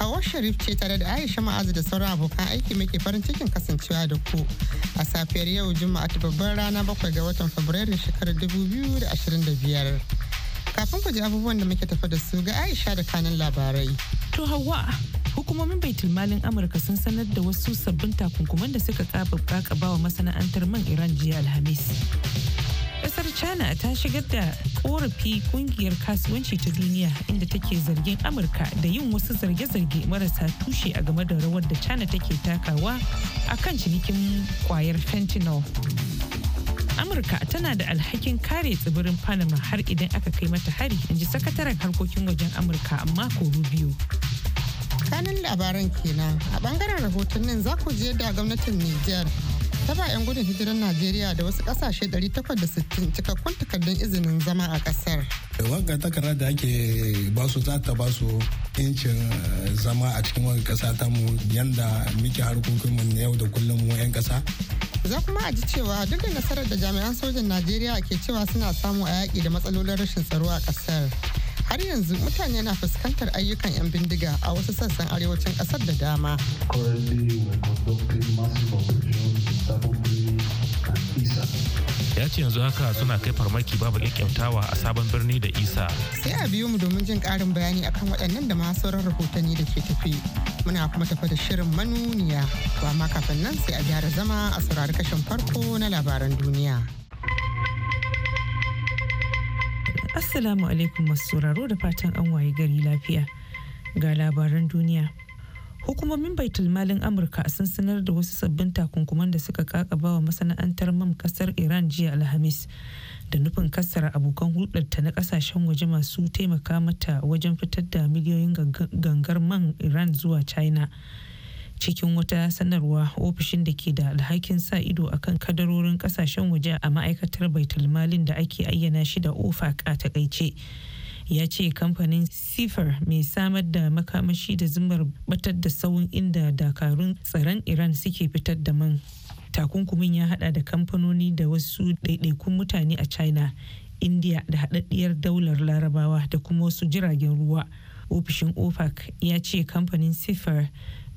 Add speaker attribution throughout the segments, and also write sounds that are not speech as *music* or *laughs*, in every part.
Speaker 1: Hawa Sharif ce tare da Aisha Ma'azu da sauran abokan aiki muke farin cikin kasancewa da ku a safiyar yau Juma'a ta babbar rana bakwai ga watan Fabrairu shekarar biyar Kafin ku ji abubuwan da
Speaker 2: muke tafa da su ga Aisha da kanin labarai. To Hawa, hukumomin tilmalin amurka sun sanar da wasu sabbin takunkuman da suka kakaba wa masana'antar man iran jiya alhamis Ƙasar china ta shigar da korafi kungiyar kasuwanci ta duniya inda take zargin amurka da yin wasu zarge-zarge marasa tushe a game da rawar da china take takawa a kan cinikin kwayar fentanyl amurka tana da alhakin kare tsibirin panama har idan aka kai mata hari in ji sakataren harkokin wajen amurka mako rubio
Speaker 1: kanin labaran kenan a bangaren rahotannin za ku je da gwamnatin niger ta 'yan gudun hijirar Najeriya da wasu kasashe 860 cikakkun takardun izinin zama a kasar.
Speaker 3: Wanka takarar da ake basu za ta basu incin eh, zama a cikin wani kasa ta mu yanda muke harkokin mu yau da kullum mu 'yan kasa.
Speaker 1: Za kuma a ji cewa duk da nasarar da jami'an sojan Najeriya ke cewa suna samu a yaƙi da matsalolin rashin tsaro a kasar. har yanzu mutane na fuskantar ayyukan 'yan bindiga a wasu sassan arewacin kasar da dama.
Speaker 4: Currently, we're conducting massive
Speaker 5: yanzu haka suna kai farmaki babu kyakkyautawa a sabon birni da isa
Speaker 1: sai a biyo mu domin jin karin bayani akan waɗannan da masu sauran rahotanni da ke tafi muna kuma tafa da shirin manuniya to amma kafin nan sai a gyara zama a saurari kashin farko na labaran duniya
Speaker 2: assalamu alaikum masu sauraro da fatan an waye gari lafiya ga labaran duniya hukumomin baitulmalin amurka sun sanar da wasu sabbin takunkuman da suka kakaba wa masana'antar man kasar iran jiya alhamis da nufin kassara abokan hulɗarta na kasashen waje masu taimaka mata wajen fitar da miliyoyin gangar man iran zuwa china cikin wata sanarwa ofishin da ke da alhakin sa ido akan kadarorin kasashen waje a ma'aikatar baitulmalin da ake ayyana shi da ofak a takaice ya ce kamfanin sifar mai samar da makamashi da zumar batar da tsawon inda dakarun tsaron iran suke fitar da man takunkumin ya hada da kamfanoni da wasu ɗaiɗaikun mutane a china india da haɗaɗɗiyar daular larabawa da kuma wasu jiragen ruwa ofishin ofac ya ce kamfanin sifar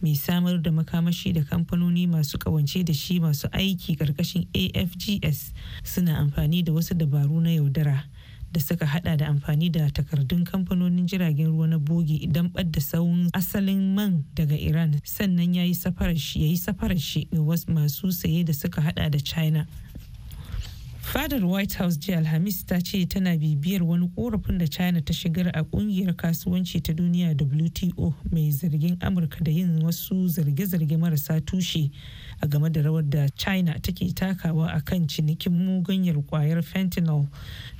Speaker 2: mai samar da makamashi da kamfanoni masu kawance da shi masu aiki ƙarƙashin afgs suna amfani da wasu dabaru na yaudara da suka hada da amfani da takardun kamfanonin jiragen ruwa na bogi don ɓadda sawun asalin man daga iran sannan ya yi safarar shi ga wasu masu saye da suka hada da china fadar white house jiya alhamis ta ce tana bibiyar wani korafin da china ta shigar a kungiyar kasuwanci ta duniya wto mai zargin amurka da yin wasu zarge-zarge marasa tushe a game da rawar da china take takawa a kan cinikin muganyar kwayar fentanyl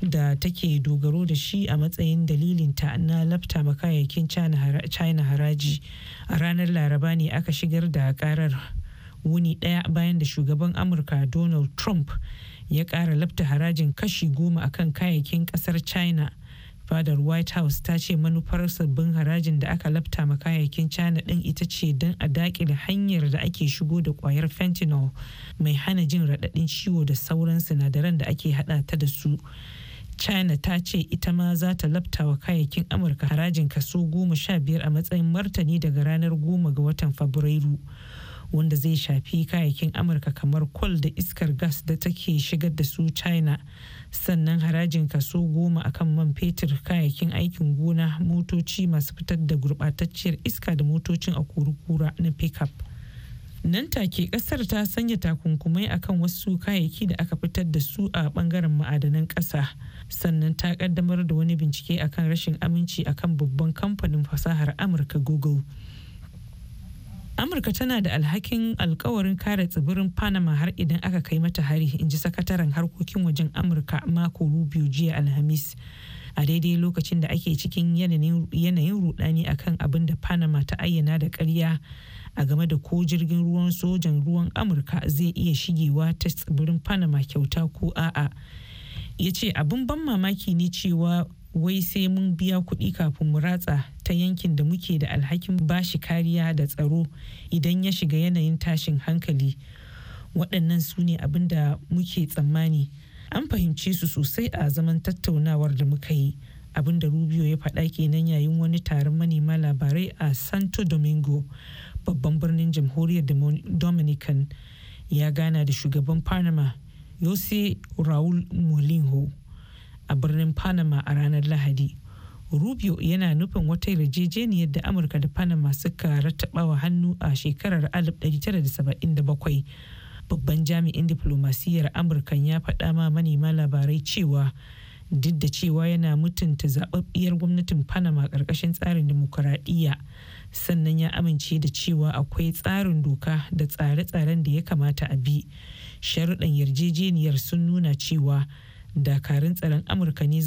Speaker 2: da take dogaro da shi a matsayin dalilin dalilinta na lafta makayakin china haraji a ranar laraba ne aka shigar da karar wuni daya bayan da shugaban amurka donald trump ya kara lafta harajin kashi goma a kan kayayyakin ƙasar china fadar white house ta ce manufar sabbin harajin da aka lafta ma kayayyakin china din ita ce don a dakile hanyar da ake shigo da kwayar fentanyl mai hana jin raɗaɗin ciwo da sauran sinadaran da ake haɗa ta da su china ta ce ita ma za ta lafta wa kayayyakin amurka harajin kaso goma sha biyar a matsayin martani daga ranar goma ga watan fabrairu wanda zai shafi kayayyakin amurka kamar kwal da iskar gas da take shigar da su china sannan harajin kaso goma akan man fetur kayayyakin aikin gona motoci masu fitar da gurbatacciyar iska da motocin a kura na pickup nan take kasar ta sanya takunkumai akan wasu kayayyaki da aka fitar da su a bangaren ma'adanan ƙasa sannan ta kaddamar da wani bincike akan rashin aminci akan babban kamfanin fasahar amurka google amurka tana da alhakin alkawarin kare tsibirin panama har idan aka kai mata hari in ji sakataren harkokin wajen amurka mako rubio jiya alhamis a daidai lokacin da ake cikin yanayin rudani akan abin da panama ta ayyana da karya a game da ko jirgin ruwan sojan ruwan amurka zai iya shigewa ta tsibirin panama kyauta ko a'a ya ce abin ban mamaki ne cewa wai sai mun biya kuɗi kafin mu ratsa ta yankin da muke da alhakin bashi kariya da tsaro idan ya shiga yanayin tashin hankali waɗannan su ne abin da muke tsammani an fahimce su sosai a zaman tattaunawar da muka yi abin da rubio ya faɗa kenan yayin wani taron manema labarai a santo domingo babban birnin jamhuriyar dominican ya gana da shugaban panama yose raul molinho a birnin panama a ranar lahadi rubio yana nufin wata yarjejeniyar da amurka da panama suka rattabawa hannu a shekarar 1977 babban jami'in diflomasiyyar amurka ya faɗa ma manema labarai cewa duk da cewa yana mutunta zababbiyar gwamnatin panama ƙarƙashin tsarin demokuraɗiyya sannan ya amince da cewa akwai tsarin doka da tsare-tsaren da ya kamata a bi sharuɗan yarjejeniyar sun nuna cewa dakarun tsaron amurka ne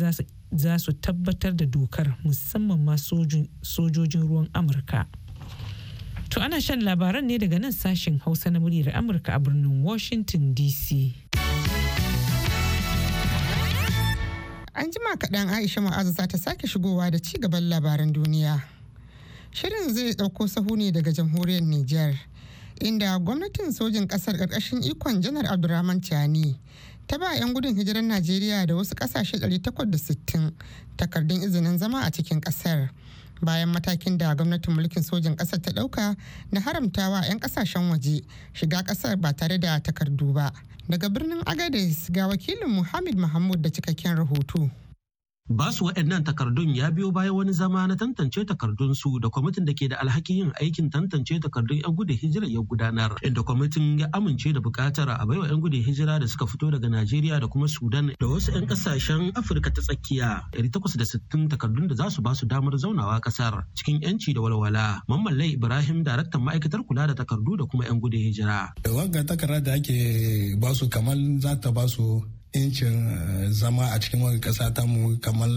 Speaker 2: za su tabbatar da dokar musamman ma sojojin ruwan amurka to ana shan labaran ne daga nan sashen hausa na muryar amurka a birnin washington dc an jima kaɗan aisha ma'azu za ta sake shigowa da
Speaker 1: ci gaban labaran duniya shirin zai ɗauko sahu ne daga jamhuriyar niger inda gwamnatin sojin ƙasar ƙarƙashin ikon janar abdurrahman Chani. ta ba 'yan gudun hijirar najeriya da wasu kasashe 860 takardun izinin zama a cikin kasar bayan matakin da gwamnatin mulkin sojin kasar ta dauka na haramtawa 'yan kasashen waje shiga kasar ba tare da takardu ba daga birnin agadez ga wakilin muhammad mahmud da cikakken rahoto
Speaker 6: Basu waɗannan takardun ya biyo bayan wani zama na tantance takardunsu da kwamitin da ke da alhakin yin aikin tantance takardun 'yan gudun hijira ya gudanar, inda kwamitin ya amince da bukatar a baiwa 'yan gudun hijira da suka fito daga Najeriya da kuma Sudan da wasu 'yan kasashen Afirka ta tsakiya 860 takardun da za su ba su damar zaunawa kasar cikin 'yanci da walwala. Mamman Lai Ibrahim daraktan ma'aikatar kula da takardu da kuma 'yan gudun hijira.
Speaker 3: Wanga takarda da ake basu kamar za ta basu incin eh, zama a cikin wani kasa ta mu kamar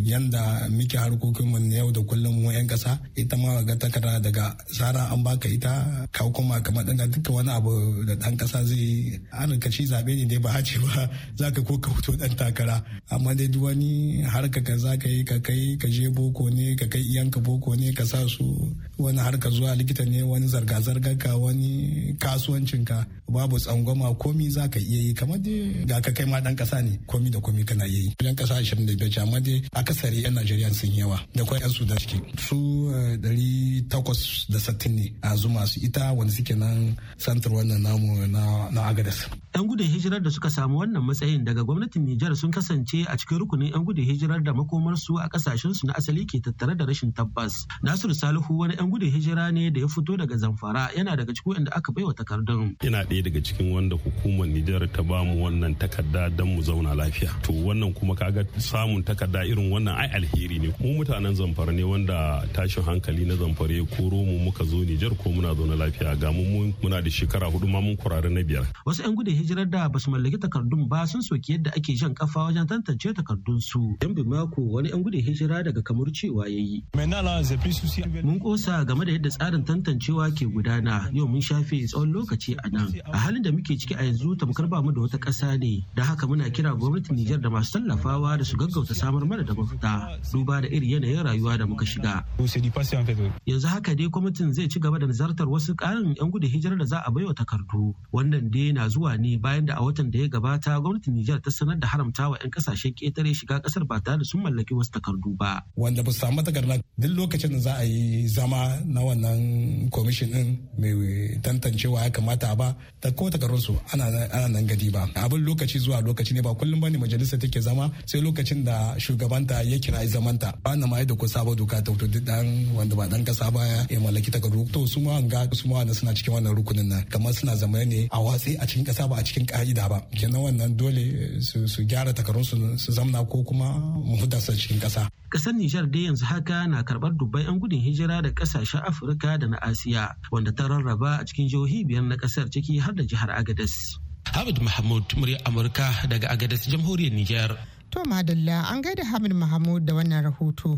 Speaker 3: yadda muke harkokinmu na yau da kullum mu 'yan kasa ita ma ga takarda daga tsara an baka ita ka kuma kamar daga duka wani abu da ɗan kasa zai An ci zaɓe ne dai ba ce ba *laughs* za ka ko ka fito ɗan takara amma dai duk wani harka ka za ka yi ka kai ka je boko ne ka kai iyanka boko ne ka sa su wani harka zuwa likita ne wani zarga-zargar ka wani kasuwancin ka babu tsangwama komi za ka iya yi kamar dai ga ka kai ma dan kasa ne komi da komi kana iya yi dan kasa 25 amma dai akasari yan Najeriya sun yawa da kwai yan Sudan ciki su 860 eh, ne a zuma su ita wani suke nan santar wannan namu na Agadas
Speaker 6: yan gudun hijirar da suka samu wannan matsayin daga gwamnatin Nijar sun kasance a cikin rukunin yan gudun hijirar da makomarsu a kasashen su na asali ke tattare da rashin tabbas Nasiru Salihu wani 'yan gudun hijira ne da ya fito daga zamfara yana
Speaker 5: daga cikin wanda aka baiwa takardun yana ɗaya daga cikin wanda hukumar nijar ta ba mu wannan takarda don mu zauna lafiya to wannan kuma kaga samun takarda irin wannan ai alheri ne mu mutanen zamfara ne wanda tashin hankali na zamfara ya koro mu muka zo nijar ko muna zauna lafiya ga mu muna da shekara hudu ma mun kurare na biyar
Speaker 6: wasu 'yan gudun hijirar da basu mallaki takardun ba sun soki yadda ake jan kafa wajen tantance takardun su yan bimako wani 'yan gudun hijira daga kamar cewa ya yi. mun kosa game da yadda tsarin tantancewa ke gudana yau mun shafe tsawon lokaci a nan a halin da muke ciki a yanzu tamkar ba mu da wata ƙasa ne da haka muna kira gwamnatin Nijar da masu tallafawa da su gaggauta samar mana da mafita duba da iri yanayin rayuwa da muka shiga yanzu haka dai kwamitin zai ci gaba da nazartar wasu ƙarin 'yan gudu hijirar da za a baiwa takardu wannan dai na zuwa ne bayan da a watan da ya gabata gwamnatin Nijar ta sanar da haramtawa 'yan kasashen ƙetare shiga ƙasar ba tare da sun mallaki wasu takardu ba wanda ba
Speaker 3: su samu takarda duk lokacin da za a yi zama na wannan kwamishin din mai tantancewa ya kamata ba ta ko takarunsu ana nan gadi ba abin lokaci zuwa lokaci ne ba kullum bane majalisa take zama sai lokacin da shugabanta ya kira zamanta ba na mai da ko saba doka ta duk dan wanda ba dan kasa ba ya mallaki takardu to su ma ga su ma wanda suna cikin wannan rukunin nan kamar suna zama ne a watsi a cikin kasa ba a cikin ka'ida ba kenan wannan dole su gyara takarunsu su zamna ko kuma mu cikin kasa
Speaker 6: kasar Nijar dai yanzu haka na karbar dubbai 'yan gudun hijira da kasa kasashen afirka da na asiya wanda ta rarraba a cikin jihohi biyar na kasar ciki har da jihar agadas hamid mahmud murya amurka daga agadas jamhuriyar niger
Speaker 1: to madalla an gaida hamid mahmud da wannan rahoto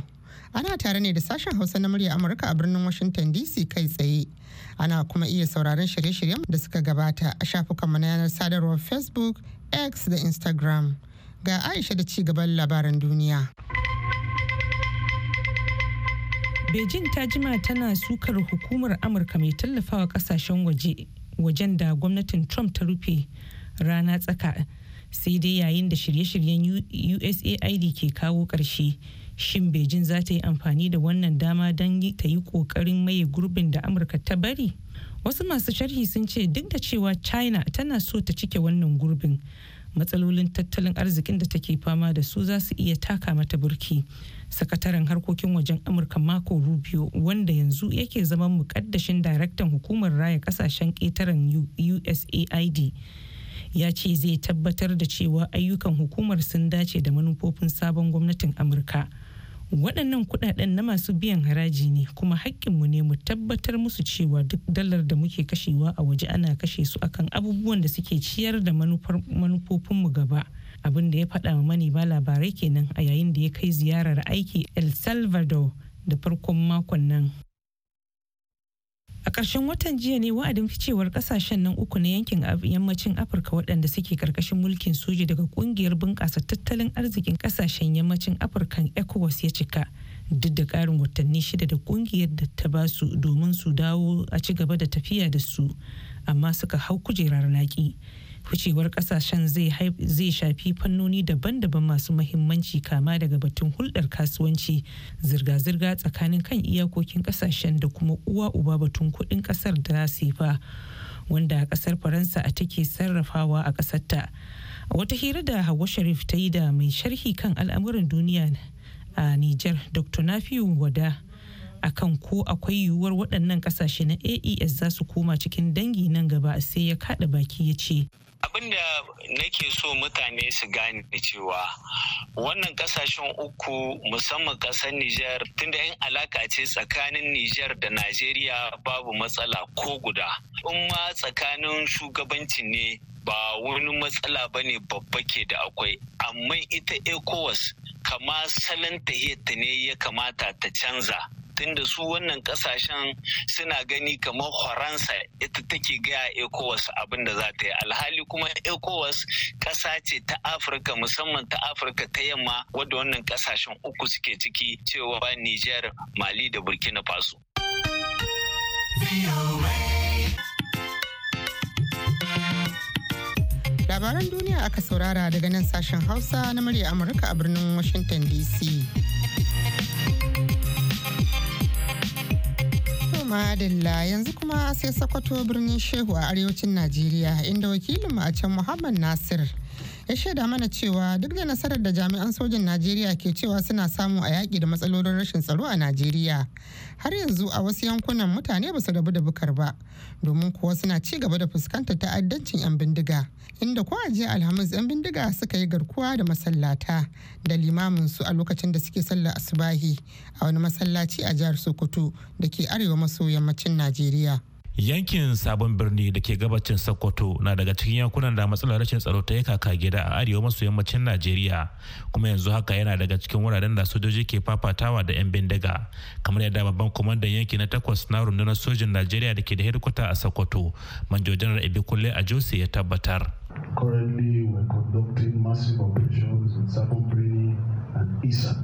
Speaker 1: ana tare ne da sashen hausa na murya amurka a birnin washington dc kai tsaye ana kuma iya sauraron shirye-shiryen da suka gabata a shafukanmu na yanar sadarwar facebook x da instagram ga aisha da ci gaban labaran duniya.
Speaker 2: beijing ta jima tana sukar hukumar amurka mai tallafawa kasashen waje wajen da gwamnatin trump ta rufe rana tsaka sai dai yayin da shirye-shiryen usaid ke kawo ƙarshe shin beijing za ta yi amfani da wannan dama don ta yi ƙoƙarin maye gurbin da amurka ta bari wasu masu sharhi sun ce duk da cewa china tana so ta cike wannan gurbin matsalolin tattalin arzikin da take fama da su za su iya taka mata burki. sakataren harkokin wajen amurka mako rubio wanda yanzu yake zama mukaddashin daraktan hukumar raya kasashen ƙetaren usaid ya ce zai tabbatar da cewa ayyukan hukumar sun dace da manufofin sabon gwamnatin amurka waɗannan kuɗaɗen na masu biyan haraji ne kuma haƙƙinmu ne mu tabbatar musu cewa duk dalar da muke kashewa a waje ana kashe su akan abubuwan da suke ciyar da manufofinmu gaba. abin da ya faɗa mani ba labarai kenan a yayin da ya kai ziyarar aiki el salvador da farkon makon nan a ƙarshen watan jiya ne wa'adin ficewar ƙasashen nan uku na yankin yammacin afirka waɗanda suke ƙarƙashin mulkin soja daga ƙungiyar bunƙasa tattalin arzikin ƙasashen yammacin afirka ecowas ya cika duk da ƙarin watanni shida da ƙungiyar da ta ba su domin su dawo a ci gaba da tafiya da su amma suka hau kujerar laƙi ficewar kasashen zai shafi fannoni daban-daban masu mahimmanci kama daga batun hulɗar kasuwanci zirga-zirga tsakanin kan iyakokin kasashen da kuma uwa uba batun kuɗin ƙasar da sefa wanda ƙasar faransa a take sarrafawa a ƙasarta wata hira da hawa sharif ta yi da mai sharhi kan al'amuran duniya a niger dr nafiu wada akan ko akwai yiwuwar waɗannan ƙasashe na aes za su koma cikin dangi nan gaba sai ya kaɗa baki ya ce
Speaker 6: Abin da nake so mutane su gane cewa wannan kasashen uku musamman kasar Nijar tunda in alaka ce tsakanin Nijar da Najeriya babu matsala ko guda. In ma tsakanin shugabanci ne ba wani matsala ba ne babba ke da akwai amma ita ECOWAS kama salon ta ne ya kamata ta canza. tunda su wannan kasashen suna gani kamar faransa ita take gaya ecowas abin da za ta yi alhali kuma ecowas kasa ce ta afirka musamman ta afirka ta yamma wadda wannan kasashen uku suke ciki cewa niger mali da burkina faso
Speaker 1: labaran duniya aka saurara daga nan sashen hausa na murya amurka a birnin washington dc Madalla yanzu kuma sai Sokoto birnin Shehu a arewacin Najeriya inda wakilinmu a can Muhammad Nasir ya shaida mana cewa duk da nasarar da jami'an sojin najeriya ke cewa suna samu a yaƙi da matsalolin rashin tsaro a najeriya har yanzu a wasu yankunan mutane ba su rabu da bukar ba domin kuwa suna ci gaba da fuskantar ta'addancin 'yan bindiga inda ko jiya alhamis 'yan bindiga suka yi garkuwa da masallata da limamin su a lokacin da suke sallar asubahi a wani masallaci a jihar sokoto da ke arewa maso yammacin najeriya
Speaker 5: yankin sabon birni da ke gabacin sokoto na daga cikin yankunan da matsalar rashin tsaro ta yi kaka gida a arewa maso yammacin najeriya kuma yanzu haka yana daga cikin wuraren da sojoji ke fafatawa da 'yan bindiga kamar yadda babban kwamandan yanki na takwas na rundunar sojin najeriya da ke da hedikwata a sokoto manjo janar kulle a jose ya tabbatar
Speaker 4: currently conducting massive operations in sabon birni and isa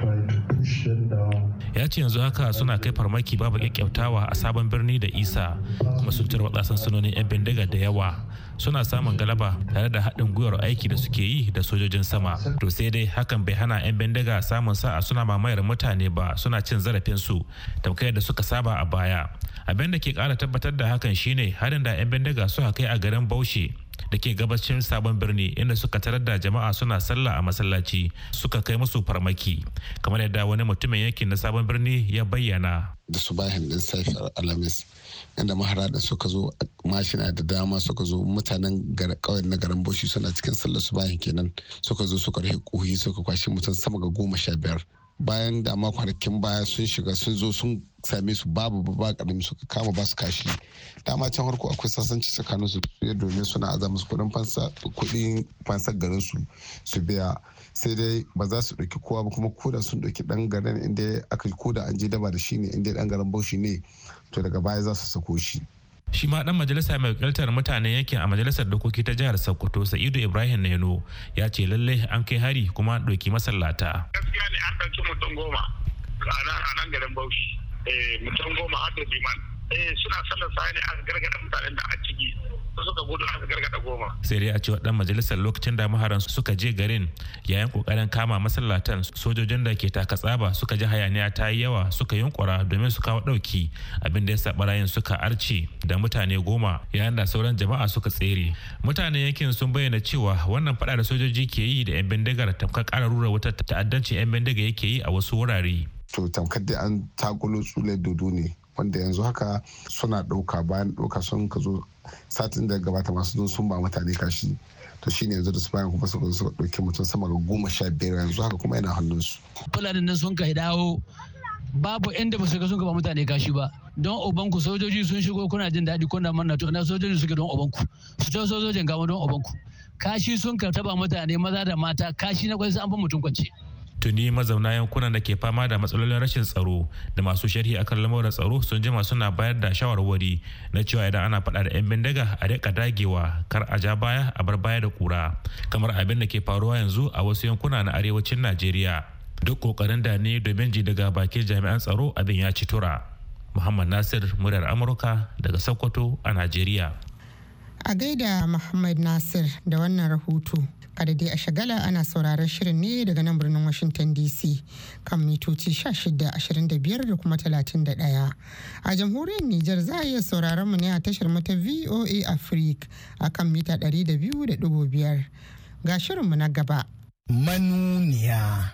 Speaker 4: trying to push them
Speaker 5: down ya ce yanzu haka suna kai farmaki babu kyakkyautawa a sabon birni da isa kuma sun tarwa tarwatsa sansanonin 'yan bindiga da yawa suna samun galaba tare da haɗin gwiwar aiki da suke yi da sojojin sama to sai dai hakan bai hana 'yan bindiga samun sa'a suna mamayar mutane ba suna cin zarafinsu tamkar da suka saba a baya abin da ke ƙara tabbatar da hakan shine harin da 'yan bindiga suka kai a garin baushe da ke gabashin sabon birni inda suka tarar da jama'a suna sallah a masallaci suka kai musu farmaki kamar yadda wani mutumin yankin na sabon birni ya bayyana
Speaker 4: da subahin din safi alamis inda da suka zo mashina da dama suka zo mutanen kawai na garin boshi suna cikin sallar su subahin kenan suka zo suka rufe kuhi suka kwashi mutum sama ga goma sha biyar bayan dama kwanakin baya sun shiga sun zo sun same su babu ba karami suka kama ba su kashi dama can harko akwai sasanci tsakanin su domin suna aza musu kudin fansa kudin fansar garin su su biya sai dai ba za su ɗauki kowa ba kuma koda sun dauki ɗan garin inda aka koda an je daba da shi ne inda dan garin bauchi ne to daga baya za su sako shi
Speaker 5: shi ma dan majalisa mai wakiltar mutane yankin a majalisar dokoki ta jihar sokoto sa'idu ibrahim neno ya ce lallai an kai hari kuma ɗauki masallata
Speaker 7: gaskiya ne an ɗauki mutum goma a nan garin bauchi eh, mutum goma har da liman eh, suna sallar sa ne an gargada
Speaker 5: mutanen da a ciki suka gudu aka gargada goma. sai dai a cewa ɗan majalisar lokacin da maharan suka je garin yayin kokarin kama masallatan sojojin da ke taka tsaba suka ji hayaniya ta yi yawa suka yunkura domin su kawo ɗauki abin da ya sa barayin suka arce da mutane goma yayin da sauran jama'a suka tsere mutane yankin sun bayyana cewa wannan faɗa da sojoji ke yi da yan bindigar tamkar ƙara rura wata ta'addancin yan bindiga yake yi a wasu wurare.
Speaker 4: to tamkar da an takulo tsulai dodo ne wanda yanzu haka suna ɗauka bayan ɗauka sun ka zo satin da gabata masu zo sun ba mutane kashi to shine yanzu da su bayan kuma suka suka ɗauki mutum sama ga goma sha biyar yanzu haka kuma yana hannunsu.
Speaker 8: fulanin nan sun yi dawo babu inda ba su ga sun ba mutane kashi ba don obanku sojoji sun shigo kuna jin daɗi kuna manna to na sojoji suke don obanku su ta sojojin gama don obanku kashi sun ka taba mutane maza da mata kashi na kwai an fi mutum kwance
Speaker 5: tuni mazauna yankunan da ke fama da matsalolin rashin tsaro da masu sharhi akan lamarin tsaro sun jima suna bayar da shawarwari na cewa idan ana faɗa da 'yan bindiga a rika dagewa kar a ja baya a bar baya da kura kamar abin da ke faruwa yanzu a wasu yankuna na arewacin najeriya duk kokarin da ne domin ji daga bakin jami'an tsaro abin ya ci tura muhammad nasir muryar amurka daga sokoto a najeriya
Speaker 1: a gaida muhammad nasir da wannan rahoto da dai a shagala ana sauraron shirin ne daga nan birnin Washington DC kan mitoci 1625 da kuma 31. A jamhuriyar Nijar za a iya sauraron mu ne a tashar mata VOA Africa a kan mita 200.5. Ga shirinmu na gaba. Manuniya.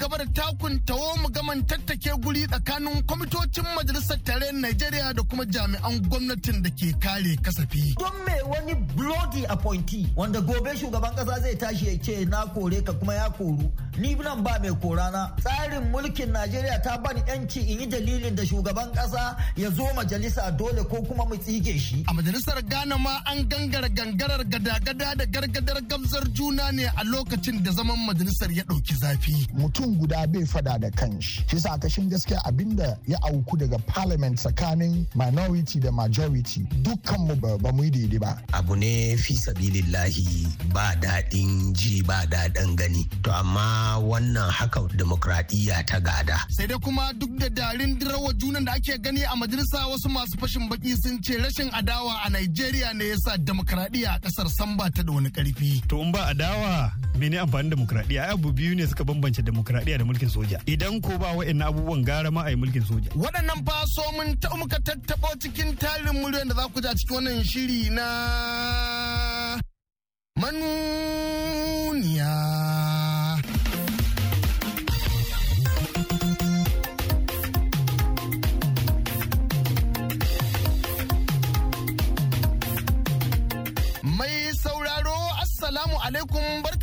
Speaker 9: gaba da takun tawo mu gaman tattake guri tsakanin kwamitocin majalisar tarayyar Najeriya da kuma jami'an gwamnatin da ke kare kasafi. Don me wani bloody appointee wanda gobe shugaban kasa zai tashi ya ce na kore
Speaker 8: ka kuma ya koru. Ni nan ba mai korana. Tsarin mulkin Najeriya ta bani yanci in yi
Speaker 9: dalilin da shugaban kasa ya zo majalisa dole ko kuma mu tsige shi. A majalisar Ghana ma an gangara gangarar gada-gada da gargadar gamsar juna ne a lokacin da zaman majalisar ya ɗauki zafi.
Speaker 10: Mutum mutum guda bai fada da kanshi shi sa kashin gaskiya abinda ya auku daga parliament tsakanin minority da majority dukkan mu ba mu yi
Speaker 11: daidai ba abu ne fi sabilillahi ba daɗin ji ba daɗin gani to amma wannan haka demokradiyya ta gada
Speaker 9: sai dai kuma duk da darin dirawa junan da ake gani a majalisa wasu masu fashin baki sun ce rashin adawa a nigeria ne yasa demokradiyya a kasar samba ta da wani karfi
Speaker 12: to in ba adawa mene amfanin demokradiyya abu biyu ne suka bambance demokradiyya demokuraɗiyya da mulkin soja idan ko ba wa'annan abubuwan gara ma a yi mulkin
Speaker 9: soja waɗannan faso so mun ta muka tattaɓo cikin tarin miliyon da za ku ja cikin wannan shiri na manuniya assalamu alaikum bar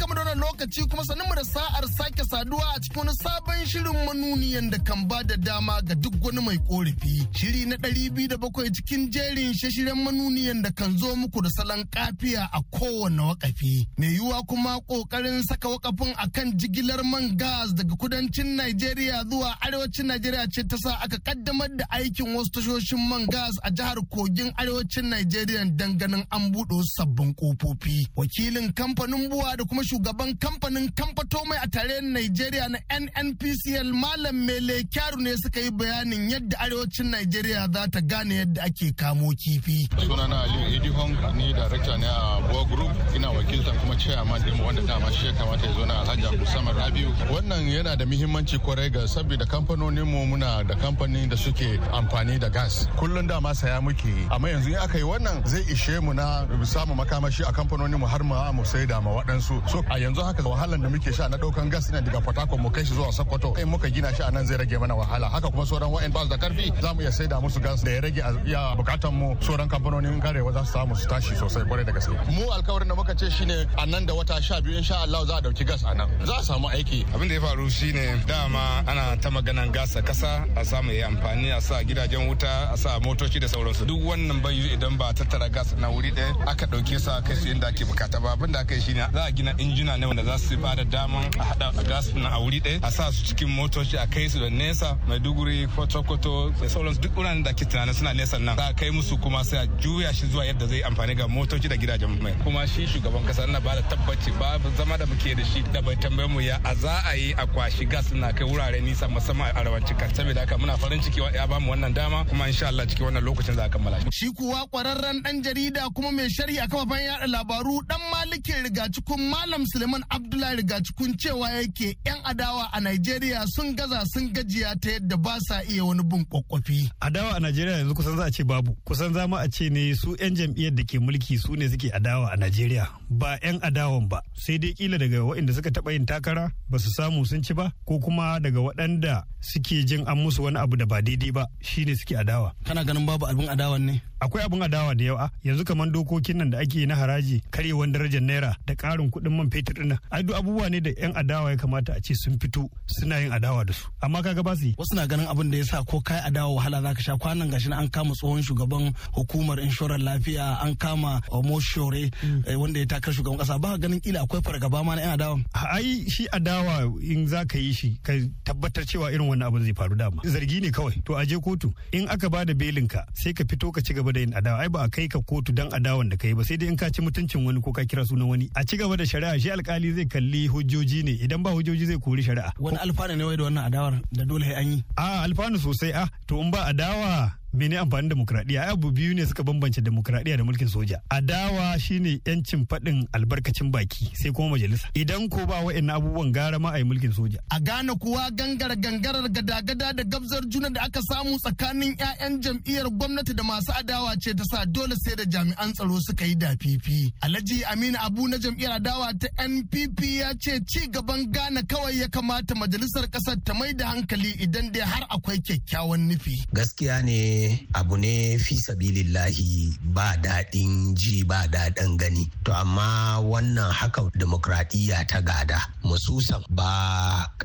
Speaker 9: lokaci kuma sanin mu da sa'ar sake saduwa a cikin wani sabon shirin manuniyan da kan ba da dama ga duk wani mai korafi. Shiri na ɗari biyu da bakwai cikin jerin shashiren manuniyan da kan zo muku da salon kafiya a kowane wakafi. Mai yiwuwa kuma ƙoƙarin saka wakafin kan jigilar man gas daga kudancin Najeriya zuwa arewacin Najeriya ce ta sa aka kaddamar da aikin wasu tashoshin man gas a jihar Kogin arewacin Najeriya dan ganin an buɗe sabbin kofofi. Wakilin kamfanin buwa da kuma shugaban kamfanin kamfanin kamfato mai a tare Najeriya na NNPCL Malam Mele Kyaru ne suka yi bayanin yadda arewacin Najeriya za ta gane yadda ake kamo kifi.
Speaker 4: Sunana Aliyu Idihong ni darakta ne a Boa Group ina wakiltan kuma chairman din wanda ta shi ya kamata ya zo na Alhaji Samar Rabiu. Wannan yana da muhimmanci kwarai ga saboda kamfanonin mu muna da kamfani da suke amfani da gas. Kullum ma saya muke amma yanzu in aka yi wannan zai ishe mu na samun makamashi a kamfanonin mu har ma mu sai da ma waɗansu. So a yanzu haka haka wahalar da muke sha na daukan gas ina daga mu kai shi zuwa Sokoto in muka gina shi a nan zai rage mana wahala haka kuma sauran wa'in ba su da karfi za mu iya sai da musu gas da ya rage a ya bukatan mu sauran kamfanonin karewa za su samu su tashi sosai kwarai da gaske mu alkawarin da muka ce shine a nan da wata sha biyu insha Allah za a dauki gas a nan za a samu aiki abin da ya faru shine dama ana ta magana gas a kasa a samu ya
Speaker 3: amfani a sa gidajen wuta a sa motoci da sauransu duk wannan bai idan ba tattara gas na wuri ɗaya aka dauke su a kai su inda ake bukata ba abin da aka yi shine za a gina injina ne za su ba da daman a haɗa gas na a wuri ɗaya a sa su cikin motoci a kai su da nesa maiduguri ko sokoto da sauran duk wuraren da ke tunanin suna nesa nan za a kai musu kuma sai a juya shi zuwa yadda zai amfani ga motoci da gidajen mai kuma shi shugaban kasa na ba da tabbaci ba zama da muke da shi da bai tambaye mu ya a za a yi a kwashi gas na kai wurare nisa musamman a arewacin kan saboda haka muna farin ciki ya ba mu wannan dama kuma insha Allah cikin wannan lokacin za a kammala shi shi
Speaker 9: kuwa kwararren dan jarida kuma mai sharhi a kafafen yada labaru dan malike rigacikun malam Suleiman abdullahi kun cewa yake 'yan adawa a najeriya sun gaza sun gajiya ta yadda ba sa iya wani bin kwakwafi
Speaker 12: adawa a najeriya yanzu kusan za a ce babu kusan za mu a ce ne su 'yan jam'iyyar da ke mulki su ne suke adawa a najeriya ba 'yan adawan ba sai dai kila daga waɗanda suka taɓa yin takara ba su samu sun ci ba ko kuma daga waɗanda suke jin an musu wani abu da ba daidai ba shine suke adawa
Speaker 6: kana ganin babu abin
Speaker 12: adawan ne akwai abin adawa da yawa yanzu kamar dokokin nan da ake na haraji karyewan darajar naira da ƙarin kuɗin man fetur ɗin ai duk abubuwa ne da yan adawa ya kamata a ce sun fito suna yin adawa da su amma kaga ba su yi wasu na ganin abin da ya sa ko kai adawa wahala zaka sha kwanan gashi an kama tsohon shugaban hukumar inshorar lafiya an kama Omoshore mm. eh, wanda ya takar shugaban kasa ba ganin kila akwai fargaba ma na yan adawa ai shi adawa in zaka yi shi ka tabbatar cewa irin wannan abin zai faru dama zargi ne kawai to a je kotu in aka bada belin ka sai ka fito ka ci gaba da yin adawa ai ba a kai ka kotu dan adawan da kai ba sai dai in ka ci mutuncin wani ko ka kira sunan wani a ci gaba da shari'a shi alkali zai kalli hujjoji ne idan ba hujjoji zai kori shari'a wani alfanu ne wai da wannan adawar da dole an yi a ah, alfanu sosai a ah, to in ba adawa mene amfanin demokradiyya abu biyu ne suka bambance demokradiya da mulkin soja adawa shine yancin faɗin albarkacin baki sai kuma majalisa idan ko ba wa'annan abubuwan gara ma a yi mulkin soja
Speaker 9: a gane kuwa gangar gangarar gada-gada da gabzar juna da aka samu tsakanin 'ya'yan jam'iyyar gwamnati da masu adawa ce ta sa dole sai da jami'an tsaro suka yi dafifi alhaji aminu abu na jam'iyyar adawa ta npp ya ce ci gaban gane kawai ya kamata majalisar ƙasar ta mai da hankali idan dai har akwai kyakkyawan nufi
Speaker 11: gaskiya ne abu ne fi sabilillahi ba daɗin ji ba daɗin gani to amma wannan haka demokradiyya ta gada mususan ba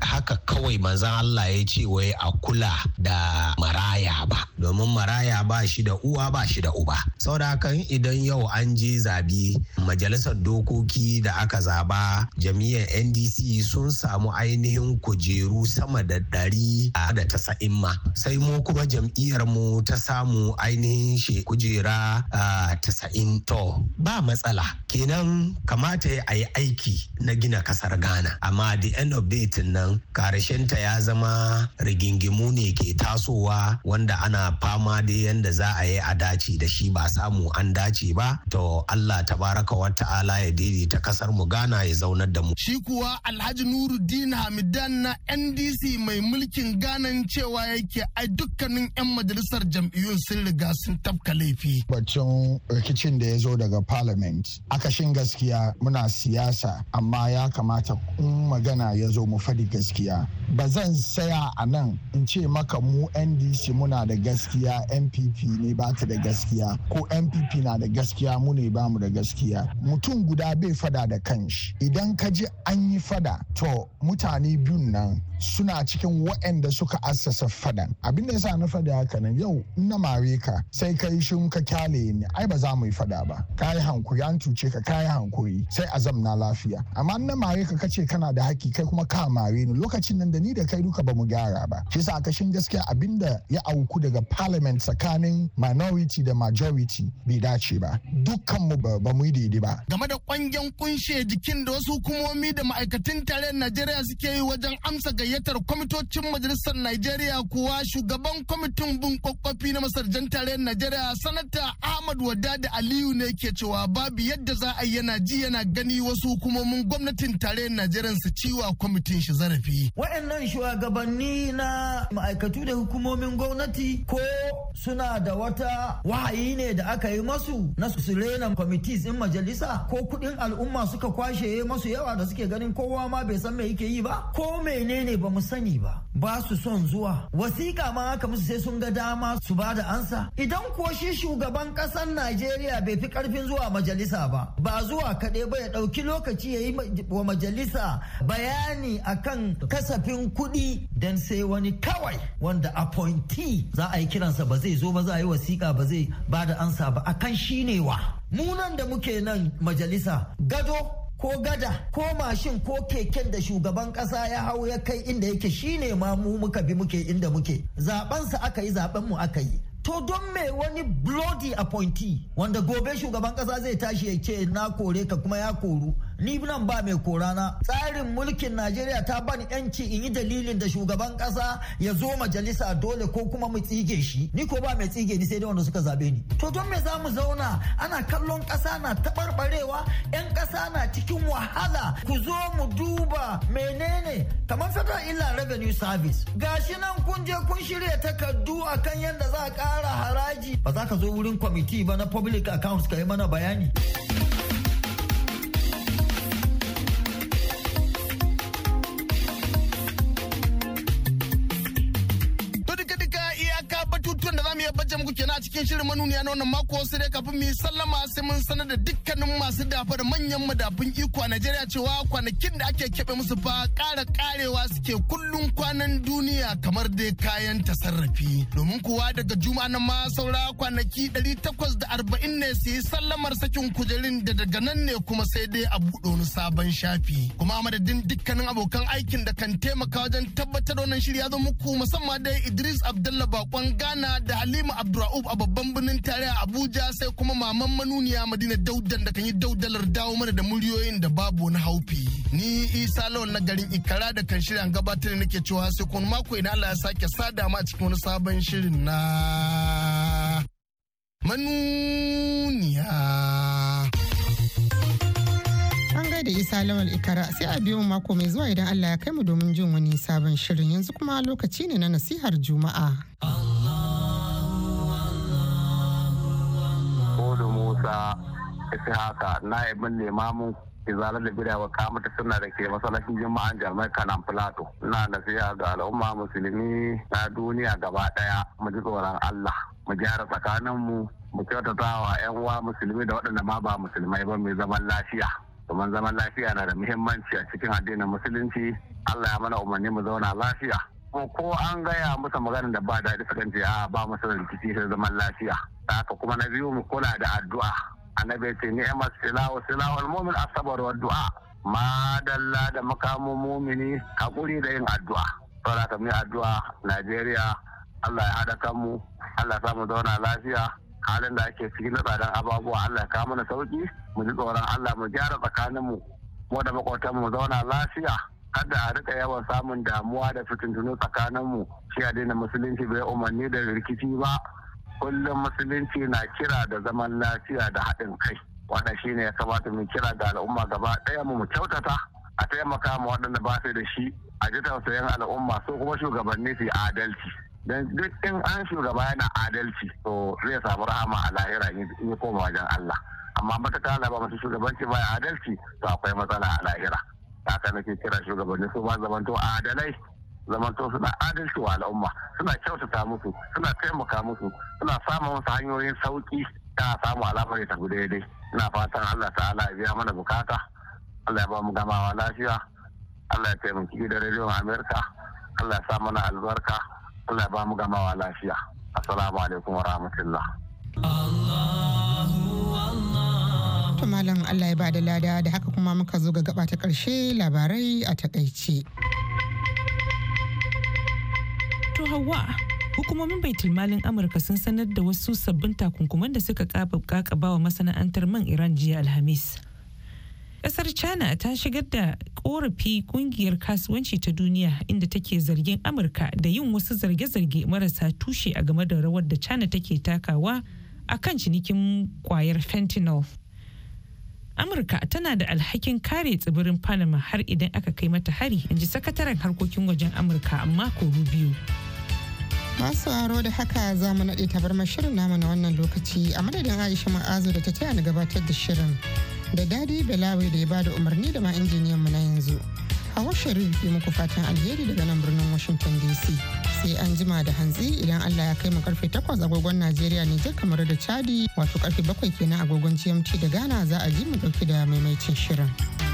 Speaker 11: haka kawai manzan Allah ya ce wai a kula da maraya ba domin maraya ba shi da uwa ba shi da uba saboda haka idan yau an je zabi majalisar dokoki da aka zaba jami'ar ndc sun samu ainihin kujeru sama da ɗari da sa'in ma sai mu kuma jam'iyyar mu ta samu ainihin shi kujera tasa'in to ba matsala kenan kamata a yi aiki na gina kasar ghana amma the end of date nan ta ya zama rigingimu ne ke tasowa wanda ana fama da yadda za a yi a dace da shi ba samu an dace ba to allah tabaraka wa ta'ala ya ta kasar mu ghana ya zaunar da mu shi
Speaker 9: kuwa alhaji nuruddin hamidan na ndc mai mulkin ganan cewa yake ai dukkanin 'yan majalisar jam'iyyun sun riga sun tafka laifi.
Speaker 10: Baccin rikicin da ya zo daga parliament. Akashin gaskiya muna siyasa amma ya kamata in magana ya zo mu faɗi gaskiya. Ba zan saya a nan in ce maka mu NDC muna da gaskiya NPP ne ba ta da gaskiya ko NPP na da gaskiya mu ne ba mu da gaskiya. Mutum guda bai fada da kanshi. Idan ka ji an yi fada to mutane biyun nan suna cikin waɗanda suka assasa fadan abin da yasa na faɗi haka nan yau na mare ka sai kai shin ka kyale ni ai ba za mu yi fada ba kayi hankuri an tuce ka kayi hankuri sai azam na lafiya amma na mare ka kace kana da haki kai kuma ka mare ni lokacin nan da ni da kai duka ba mu gyara ba shi yasa kashin gaskiya abin da ya auku daga parliament tsakanin minority da majority bai dace ba dukkan mu ba mu yi daidai ba
Speaker 9: game da kwangen kunshe jikin da wasu hukumomi da ma'aikatan tarayyar Najeriya suke yi wajen amsa ga gayyatar kwamitocin majalisar Najeriya kuwa shugaban kwamitin bin kwakwafi na masarjan tarayyar Najeriya sanata Ahmad Wadada Aliyu ne ke cewa babu yadda za a yi yana ji yana gani wasu hukumomin gwamnatin tarayyar Najeriya su ciwa kwamitin shi zarafi. Waɗannan shugabanni na ma'aikatu da hukumomin
Speaker 8: gwamnati ko suna da wata wahayi ne da aka yi masu na su rena kwamiti in majalisa ko kuɗin al'umma suka kwashe masu yawa da suke ganin kowa ma bai san me yake yi ba ko menene ba mu sani ba ba su son zuwa wasiƙa ma haka musu sai sun ga dama su ba da ansa idan ko shi shugaban ƙasar najeriya bai fi ƙarfin zuwa majalisa ba ba zuwa kaɗai ba ya ɗauki lokaci ya yi wa majalisa bayani akan kasafin kuɗi dan sai wani kawai wanda appointee za a yi kiransa ba zai zo ba za a yi wasiƙa ba zai ba da ansa ba akan shi ne wa munan da muke nan majalisa gado ko gada ko mashin ko keken da shugaban kasa ya hau ya kai inda yake shine ma mu muka bi muke inda muke zabensa aka yi zaben mu aka yi to don me wani bloody appointee wanda gobe shugaban kasa zai tashi ya ce na kore ka kuma ya koru ni nan ba mai korana tsarin mulkin najeriya ta bani yanci in yi dalilin da shugaban kasa ya zo majalisa dole ko kuma mu tsige shi ni ko ba mai tsige ni sai dai wanda suka zabe ni to don me za mu zauna ana kallon kasa na tabarbarewa yan kasa na cikin wahala ku zo mu duba menene kamar federal illa revenue service gashi nan kun je kun shirya takardu akan yadda za a kara haraji ba za ka zo wurin kwamiti ba na public accounts ka yi mana bayani
Speaker 9: cikin shirin manuniya na wannan mako sai dai kafin mu yi sallama sai mun sanar da dukkanin masu dafa da manyan madafun iko a Najeriya cewa kwanakin da ake keɓe musu fa ƙara ƙarewa suke kullum kwanan duniya kamar da kayan tasarrafi. Domin kuwa daga juma'a na ma saura kwanaki 840 ne su yi sallamar sakin kujerin da daga nan ne kuma sai dai a buɗe wani sabon shafi. Kuma madadin dukkanin abokan aikin da kan taimaka wajen tabbatar wannan shirya zo muku musamman da Idris Abdullah Bakon Ghana da Halima Abdurra'ub Abubakar. babban birnin tarayya Abuja sai kuma maman manuniya Madina Daudan da kan yi daudalar dawo mana da muryoyin da babu wani haufi. Ni Isa Lawal na garin Ikara da kan shirin gabatar nake cewa sai kuma mako idan Allah ya sake sada ma cikin wani sabon shirin
Speaker 1: na manuniya. An gaida Isa Lawal Ikara sai a biyo mako mai zuwa idan Allah ya kai mu domin jin wani sabon shirin yanzu kuma lokaci ne na nasihar Juma'a.
Speaker 7: Musa Ishaka na'ibin limamin izalar da kama kamata suna da ke masallacin jima'an jami'ar kanan plato na nasiha ga al'umma musulmi na duniya gaba daya mu ji tsoron allah mu gyara tsakaninmu mu kyautata wa 'yan uwa musulmi da waɗanda ma ba musulmai ba mai zaman lafiya domin zaman lafiya na da muhimmanci a cikin addinin musulunci allah ya mana umarni mu zauna lafiya ko an gaya masa maganar da ba daɗi sukan ce a ba musu rikici sai zaman lafiya haka kuma na biyu mu kula da addu'a annabi ce ma silawo silawo mu'min asabar wa du'a madalla da makamu mumini hakuri da yin addu'a saboda ka mu addu'a Najeriya Allah ya haɗa kanmu Allah ya mu zauna lafiya halin da ake ciki na tsadan ababuwa Allah ya kawo mana sauki mu ji tsoron Allah mu gyara tsakaninmu mu da makwatan mu zauna lafiya da a rika yawan samun damuwa da fitintunu tsakaninmu shi a daina musulunci bai umarni da rikici ba kullum musulunci na kira da zaman lafiya da haɗin kai shi ne ya kamata mu kira ga al'umma gaba ɗaya mu mu kyautata a taimaka ma waɗanda ba su da shi a ji tausayin al'umma so kuma shugabanni su adalci dan duk in an shugaba yana adalci to zai samu rahama a lahira in ya koma wajen Allah amma matakala ba masu shugabanci ba adalci to akwai matsala a lahira haka nake kira shugabanni su ba zamanto adalai zamanto suna adalci wa al'umma suna kyautata musu suna taimaka musu suna samun wasu hanyoyin sauki ta samu alamar ya tafi daidai ina fatan Allah ta'ala ya biya mana bukata Allah ya ba mu gamawa lafiya Allah ya taimaki da rediyon Amerika Allah ya sa mana albarka Allah ya ba mu gamawa lafiya assalamu alaikum wa rahmatullah Allah
Speaker 1: To malam Allah ya bada lada da haka kuma muka zo ga gaba ta karshe labarai a takaice.
Speaker 2: To hawa hukumomin baitul malin amurka sun sanar da wasu sabbin takunkuman da suka kakaba wa masana'antar man iran jiya alhamis kasar china ta shigar da korafi kungiyar kasuwanci ta duniya inda take zargin amurka da yin wasu zarge-zarge marasa tushe a game da rawar da china take takawa a kan cinikin kwayar fentanyl amurka tana da alhakin kare tsibirin panama har idan aka kai mata hari in ji sakataren harkokin wajen amurka amma mako biyu
Speaker 1: masu aro da haka za mu naɗe tabarmar shirin namu na wannan lokaci a madadin aisha ma'azu da ta taya na gabatar da shirin da dadi belawai da ya ba da umarni da ma injiniyan mu na yanzu hawa sharif ke muku fatan alheri daga nan birnin washington dc sai an jima da hanzi idan allah ya kai mu karfe 8 agogon najeriya nijar kamar da chadi wato karfe 7 kenan agogon gmt da ghana za a ji mu dauki da maimaitin shirin